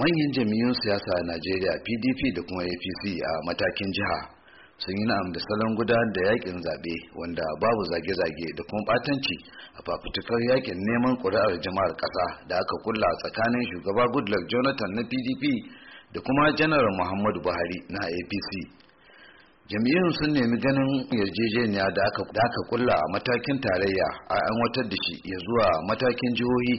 manyan jam'iyyun siyasa a najeriya pdp da kuma apc a matakin jiha sun yi na'am da salon gudanar da yakin zaɓe wanda babu zage-zage da kuma ɓatanci a fafutukar yakin neman ƙuri'ar jama'ar ƙasa da aka kulla tsakanin shugaba goodluck jonathan na pdp da kuma janar muhammadu buhari na apc jam'iyyun sun nemi ganin yarjejeniya da aka kulla a matakin tarayya a an watar da shi ya zuwa matakin jihohi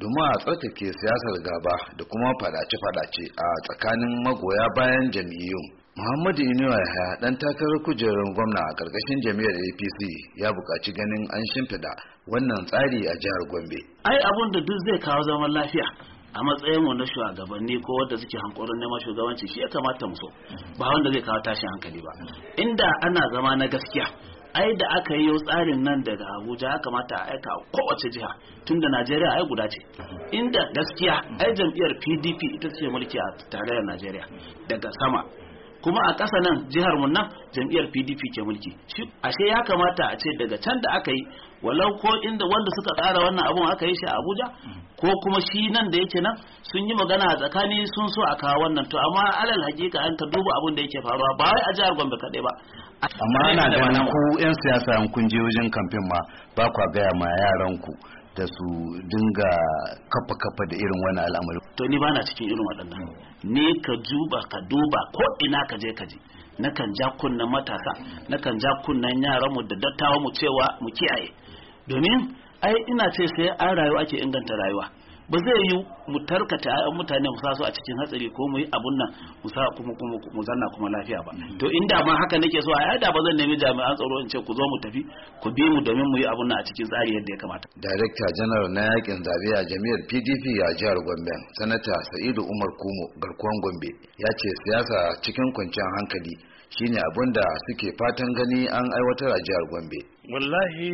domin a tsarkake siyasar gaba da kuma fadace-fadace a tsakanin magoya bayan jam'iyyun muhammadu inuwa ya dan takarar kujerar gwamna a karkashin jami'ar apc ya buƙaci ganin an shimfiɗa wannan tsari a jihar gombe ai abun da duk zai kawo zaman lafiya a matsayinmu na shugabanni ko wanda suke hankoron neman shugabanci shi ya kamata mu so ba wanda zai kawo tashin hankali ba inda ana zama na gaskiya ai da aka yi tsarin nan daga abuja ya kamata a aika kowace jiha tun da najeriya ai guda ce inda gaskiya ai jam'iyyar pdp ita ce mulki a tarayyar najeriya daga sama kuma a ƙasa nan jihar mun nan jam'iyyar PDP ke mulki ashe ya kamata a ce daga can da aka yi walau ko inda wanda suka tsara wannan abun aka yi shi a Abuja ko kuma shi nan da yake nan sun yi magana a tsakani sun so a kawo wannan to amma alal hakika an ka duba abun da yake faruwa ba wai a jihar Gombe kaɗai ba amma ana ganin ku yan siyasa an kun je wajen kamfen ma ba kwa gaya ma yaran ku da su dinga kafa kafa da irin wani al'amari to ni bana cikin irin waɗannan ne ka juba ka duba ko ina ka je ka je nakan ja kunnan matasa na kan ja kunnan yaran mu da dattawa mu cewa mu kiyaye domin ai ina ce sai an rayuwa ake inganta rayuwa ba zai yi mu tarkata ayan mutane mu sa su a cikin hatsari ko mu yi abun nan mu sa kuma kuma mu zanna kuma lafiya ba mm-hmm. to inda ma haka nake so ai da ba zan nemi jami'an tsaro in ce ku zo mu tafi ku bi mu domin mu yi abun nan a cikin tsari yadda ya kamata director general na yakin zabe a jami'ar PDP a jihar Gombe sanata Sa'idu Umar Kumo garkuwan Gombe ya ce siyasa cikin kwanciyar hankali shine abun da suke fatan gani an aiwatar a jihar Gombe wallahi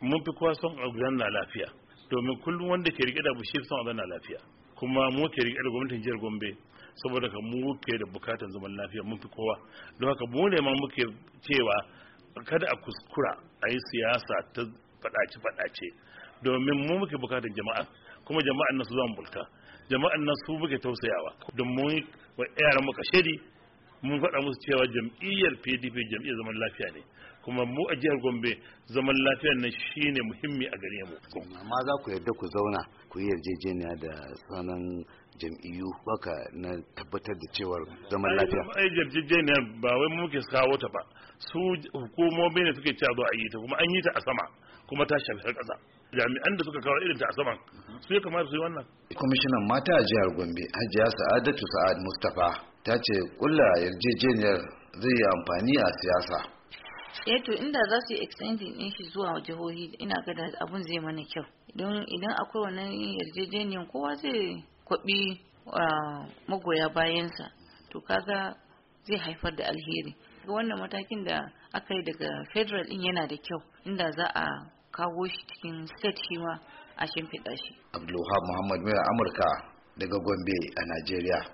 mun fi kowa son a lafiya domin kullum wanda ke rike da abu shi son a zauna lafiya kuma mu ke rike da gwamnatin jihar Gombe saboda ka mu ke da bukatan zaman lafiya mun fi kowa don haka mu ne ma muke cewa kada a kuskura a yi siyasa ta faɗace faɗace domin mu muke bukatan jama'a kuma jama'an su zan jama'a jama'an su muke tausayawa don mu wa yaran mu kashedi mun faɗa musu cewa jam'iyyar pdp jam'iyyar zaman lafiya ne kuma mu a jihar gombe zaman lafiya nan shine muhimmi a gare mu amma za ku yarda ku zauna ku yi yarjejeniya da sanan jam'iyyu baka na tabbatar da cewar zaman lafiya ai yarjejeniya ba wai muke kawo ta ba su hukumomi ne suke cewa a yi ta kuma an yi ta a sama kuma ta shafi ƙasa jami'an da suka kawo irin ta a saman su ya kamata su yi wannan kwamishinan mata a jihar gombe hajiya sa'adatu sa'ad mustapha ta ce kulla yarjejeniyar zai yi amfani a siyasa eh to inda za su yi extending din shi zuwa jihohi ina ga da abun zai mana kyau don idan akwai wannan yarjejeniyar kowa zai kwabi magoya bayansa to kaga zai haifar da alheri wannan matakin da aka yi daga federal din yana da kyau inda za a kawo shi cikin state shi ma a shimfiɗa shi abdulwahab muhammad mai amurka daga gombe a najeriya